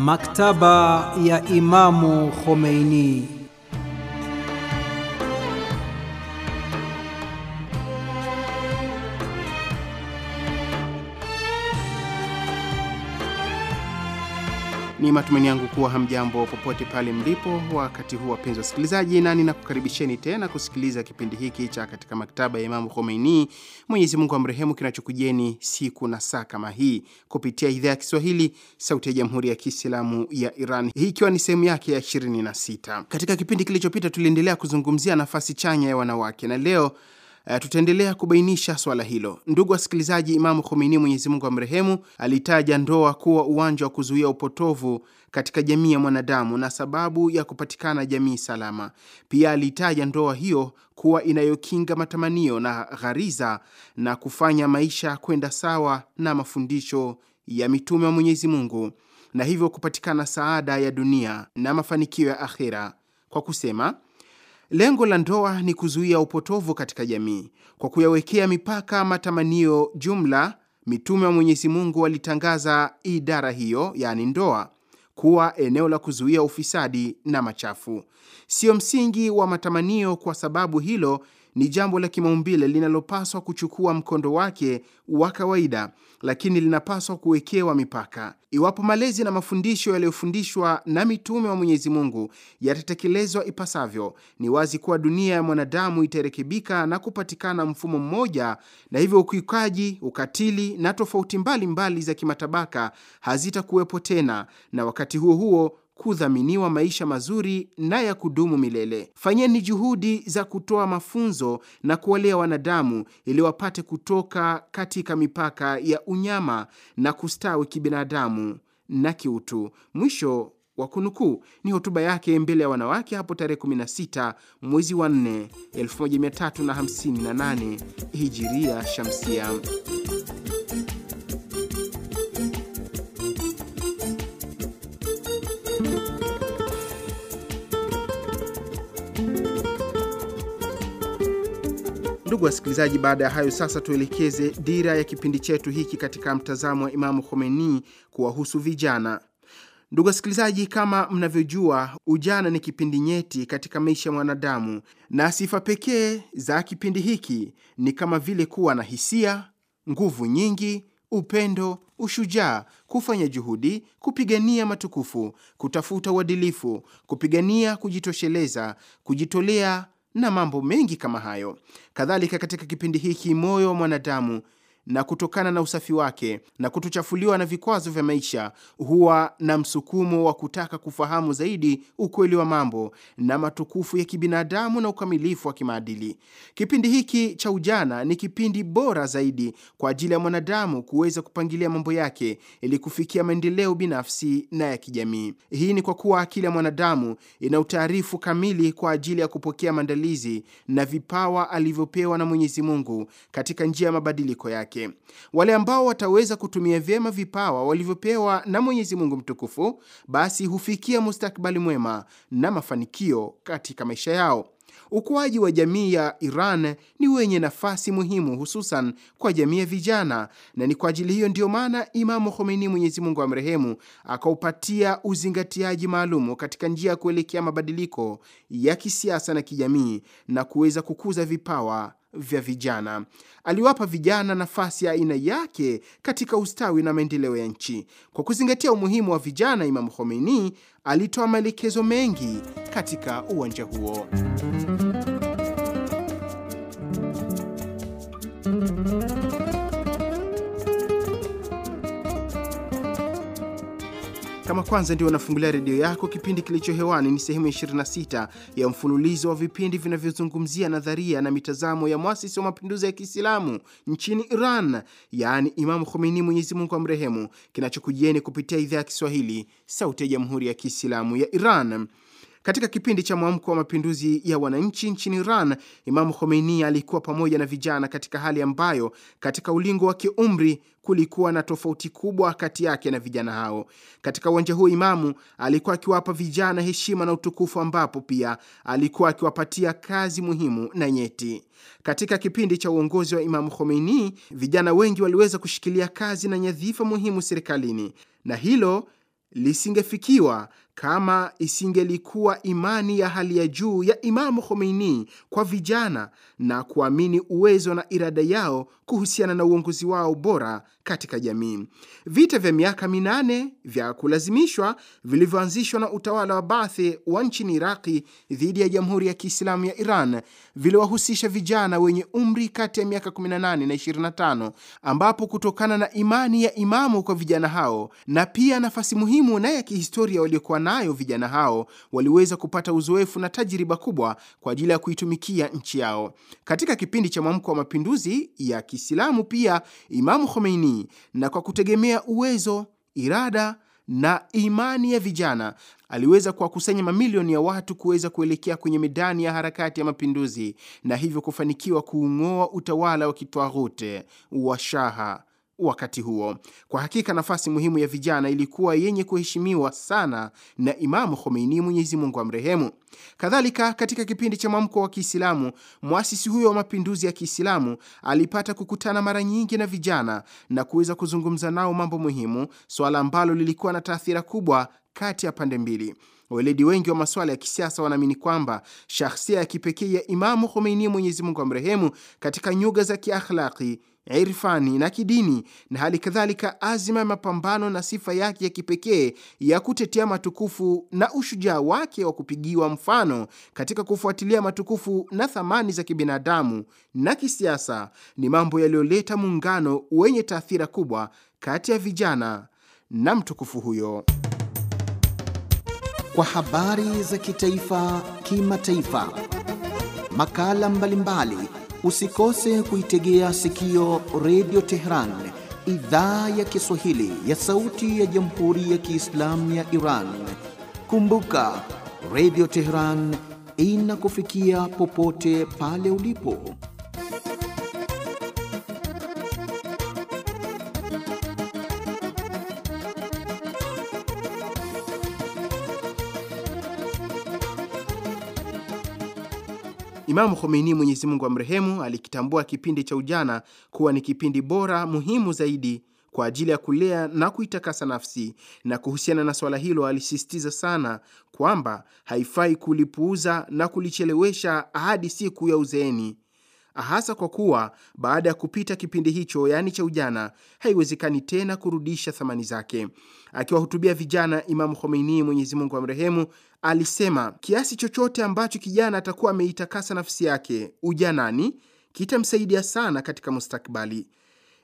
Maktaba ya Imamu Khomeini. Ni matumaini yangu kuwa hamjambo popote pale mlipo wakati huu, wapenzi wasikilizaji, na ninakukaribisheni tena kusikiliza kipindi hiki cha katika maktaba ya Imamu Khomeini, Mwenyezi Mungu amrehemu, kinachokujeni siku na saa kama hii kupitia idhaa ya Kiswahili, Sauti ya Jamhuri ya Kiislamu ya Iran, hii ikiwa ni sehemu yake ya 26. Katika kipindi kilichopita tuliendelea kuzungumzia nafasi chanya ya wanawake na leo Uh, tutaendelea kubainisha swala hilo. Ndugu wasikilizaji, Imamu Khomeini, Mwenyezi Mungu amrehemu, alitaja ndoa kuwa uwanja wa kuzuia upotovu katika jamii ya mwanadamu na sababu ya kupatikana jamii salama. Pia alitaja ndoa hiyo kuwa inayokinga matamanio na ghariza na kufanya maisha kwenda sawa na mafundisho ya mitume wa Mwenyezi Mungu na hivyo kupatikana saada ya dunia na mafanikio ya akhera kwa kusema Lengo la ndoa ni kuzuia upotovu katika jamii kwa kuyawekea mipaka matamanio jumla. Mitume wa Mwenyezi Mungu walitangaza idara hiyo, yaani ndoa, kuwa eneo la kuzuia ufisadi na machafu. Sio msingi wa matamanio, kwa sababu hilo ni jambo la kimaumbile linalopaswa kuchukua mkondo wake wa kawaida, lakini linapaswa kuwekewa mipaka. Iwapo malezi na mafundisho yaliyofundishwa na mitume wa Mwenyezi Mungu yatatekelezwa ipasavyo, ni wazi kuwa dunia ya mwanadamu itarekebika na kupatikana mfumo mmoja, na hivyo ukiukaji, ukatili na tofauti mbalimbali mbali za kimatabaka hazitakuwepo tena, na wakati huo huo kudhaminiwa maisha mazuri na ya kudumu milele. Fanyeni juhudi za kutoa mafunzo na kuwalea wanadamu ili wapate kutoka katika mipaka ya unyama na kustawi kibinadamu na kiutu. Mwisho wa kunukuu. Ni hotuba yake mbele ya wanawake hapo tarehe 16 mwezi wa 4 1358 hijiria shamsia. Ndugu wasikilizaji, baada ya hayo sasa tuelekeze dira ya kipindi chetu hiki katika mtazamo wa Imamu Khomeini kuwahusu vijana. Ndugu wasikilizaji, kama mnavyojua, ujana ni kipindi nyeti katika maisha ya mwanadamu, na sifa pekee za kipindi hiki ni kama vile kuwa na hisia, nguvu nyingi, upendo ushujaa, kufanya juhudi, kupigania matukufu, kutafuta uadilifu, kupigania kujitosheleza, kujitolea na mambo mengi kama hayo. Kadhalika, katika kipindi hiki moyo wa mwanadamu na kutokana na usafi wake na kutochafuliwa na vikwazo vya maisha, huwa na msukumo wa kutaka kufahamu zaidi ukweli wa mambo na matukufu ya kibinadamu na ukamilifu wa kimaadili. Kipindi hiki cha ujana ni kipindi bora zaidi kwa ajili ya mwanadamu kuweza kupangilia mambo yake ili kufikia maendeleo binafsi na ya kijamii. Hii ni kwa kuwa akili ya mwanadamu ina utaarifu kamili kwa ajili ya kupokea maandalizi na vipawa alivyopewa na Mwenyezi Mungu katika njia ya mabadiliko yake yake. Wale ambao wataweza kutumia vyema vipawa walivyopewa na Mwenyezi Mungu mtukufu, basi hufikia mustakbali mwema na mafanikio katika maisha yao. Ukuaji wa jamii ya Iran ni wenye nafasi muhimu hususan kwa jamii ya vijana, na ni kwa ajili hiyo ndiyo maana Imamu Khomeini, Mwenyezi Mungu amrehemu, akaupatia uzingatiaji maalumu katika njia ya kuelekea mabadiliko ya kisiasa na kijamii na kuweza kukuza vipawa vya vijana. Aliwapa vijana nafasi ya aina yake katika ustawi na maendeleo ya nchi. Kwa kuzingatia umuhimu wa vijana, Imam Khomeini alitoa maelekezo mengi katika uwanja huo. Kama kwanza ndio unafungulia redio yako, kipindi kilicho hewani ni sehemu ya 26 ya mfululizo wa vipindi vinavyozungumzia nadharia na mitazamo ya mwasisi wa mapinduzi ya Kiislamu nchini Iran, yaani Imamu Khomeini, Mwenyezi Mungu amrehemu, kinachokujieni kupitia idhaa ya Kiswahili, Sauti ya Jamhuri ya Kiislamu ya Iran. Katika kipindi cha mwamko wa mapinduzi ya wananchi nchini Iran, Imamu Khomeini alikuwa pamoja na vijana katika hali ambayo katika ulingo wa kiumri kulikuwa na tofauti kubwa kati yake na vijana hao. Katika uwanja huo, Imamu alikuwa akiwapa vijana heshima na utukufu, ambapo pia alikuwa akiwapatia kazi muhimu na nyeti. Katika kipindi cha uongozi wa Imamu Khomeini, vijana wengi waliweza kushikilia kazi na nyadhifa muhimu serikalini, na hilo lisingefikiwa kama isingelikuwa imani ya hali ya juu ya Imamu Khomeini kwa vijana na kuamini uwezo na irada yao kuhusiana na uongozi wao bora katika jamii, vita vya miaka minane vya kulazimishwa vilivyoanzishwa na utawala wa Baathi wa nchini Iraqi dhidi ya Jamhuri ya Kiislamu ya Iran viliwahusisha vijana wenye umri kati ya miaka 18 na 25, ambapo kutokana na imani ya Imamu kwa vijana hao na pia nafasi muhimu na ya kihistoria waliokuwa nayo vijana hao waliweza kupata uzoefu na tajiriba kubwa kwa ajili ya kuitumikia nchi yao. Katika kipindi cha mwamko wa mapinduzi ya Kiislamu pia Imamu Khomeini, na kwa kutegemea uwezo, irada na imani ya vijana aliweza kuwakusanya mamilioni ya watu kuweza kuelekea kwenye midani ya harakati ya mapinduzi na hivyo kufanikiwa kuung'oa utawala wa kitwarute wa shaha wakati huo. Kwa hakika nafasi muhimu ya vijana ilikuwa yenye kuheshimiwa sana na Imamu Khomeini, Mwenyezi Mungu amrehemu. Kadhalika, katika kipindi cha mwamko wa Kiislamu, mwasisi huyo wa mapinduzi ya Kiislamu alipata kukutana mara nyingi na vijana na kuweza kuzungumza nao mambo muhimu, swala ambalo lilikuwa na taathira kubwa kati ya pande mbili. Weledi wengi wa masuala ya kisiasa wanaamini kwamba shahsia ya kipekee ya Imamu Khomeini, Mwenyezi Mungu amrehemu, katika nyuga za kiakhlaki irfani na kidini na hali kadhalika azima ya mapambano na sifa yake ya kipekee ya kutetea matukufu na ushujaa wake wa kupigiwa mfano katika kufuatilia matukufu na thamani za kibinadamu na kisiasa ni mambo yaliyoleta muungano wenye taathira kubwa kati ya vijana na mtukufu huyo kwa habari za kitaifa, kimataifa, makala mbalimbali Usikose kuitegea sikio Redio teheran idhaa ya Kiswahili ya sauti ya Jamhuri ya Kiislamu ya Iran. Kumbuka, Redio teheran inakufikia popote pale ulipo. Imamu Khomeini, Mwenyezi Mungu amrehemu, alikitambua kipindi cha ujana kuwa ni kipindi bora muhimu zaidi kwa ajili ya kulea na kuitakasa nafsi. Na kuhusiana na swala hilo, alisisitiza sana kwamba haifai kulipuuza na kulichelewesha hadi siku ya uzeeni hasa kwa kuwa baada ya kupita kipindi hicho, yaani cha ujana, haiwezekani tena kurudisha thamani zake. Akiwahutubia vijana, Imamu Khomeini, Mwenyezi Mungu amrehemu, alisema kiasi chochote ambacho kijana atakuwa ameitakasa nafsi yake ujanani kitamsaidia sana katika mustakbali.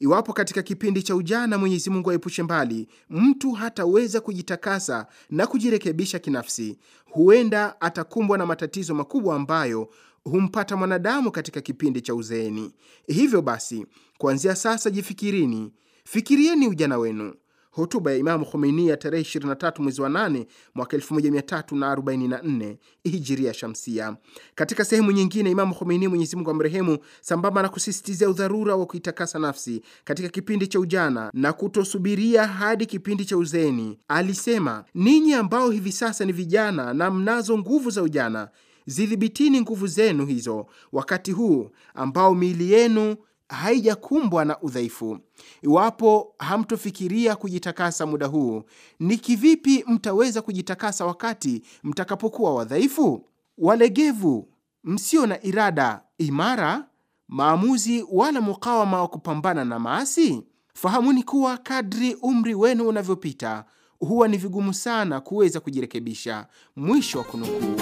Iwapo katika kipindi cha ujana Mwenyezi Mungu aepushe mbali, mtu hataweza kujitakasa na kujirekebisha kinafsi, huenda atakumbwa na matatizo makubwa ambayo humpata mwanadamu katika kipindi cha uzeeni. Hivyo basi, kuanzia sasa jifikirini, fikirieni ujana wenu. Hotuba ya Imamu Khomeini ya tarehe 23 mwezi wa 8 mwaka 1344 hijiria shamsia. Katika sehemu nyingine, Imamu Khomeini, Mwenyezi Mungu amrehemu, sambamba na kusisitizia udharura wa kuitakasa nafsi katika kipindi cha ujana na kutosubiria hadi kipindi cha uzeeni alisema: ninyi ambao hivi sasa ni vijana na mnazo nguvu za ujana zidhibitini nguvu zenu hizo wakati huu ambao miili yenu haijakumbwa na udhaifu. Iwapo hamtofikiria kujitakasa muda huu, ni kivipi mtaweza kujitakasa wakati mtakapokuwa wadhaifu, walegevu, msio na irada imara, maamuzi wala mukawama wa kupambana na maasi? Fahamuni kuwa kadri umri wenu unavyopita huwa ni vigumu sana kuweza kujirekebisha. Mwisho wa kunukuu.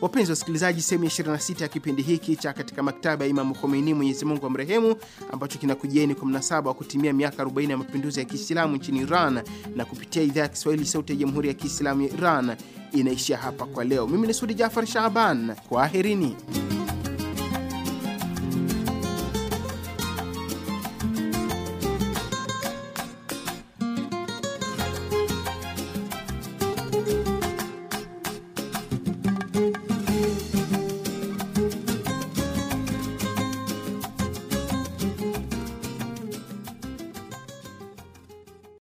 Wapenzi wasikilizaji, sehemu ya 26 ya kipindi hiki cha katika maktaba ya Imamu Khomeini, Mwenyezi Mungu mrehemu ambacho kinakujieni kwa mnasaba wa kutimia miaka 40 ya mapinduzi ya Kiislamu nchini Iran na kupitia idhaa ya Kiswahili Sauti ya Jamhuri ya Kiislamu ya Iran inaishia hapa kwa leo. Mimi ni Sudi Jafar Shaaban, kwaherini.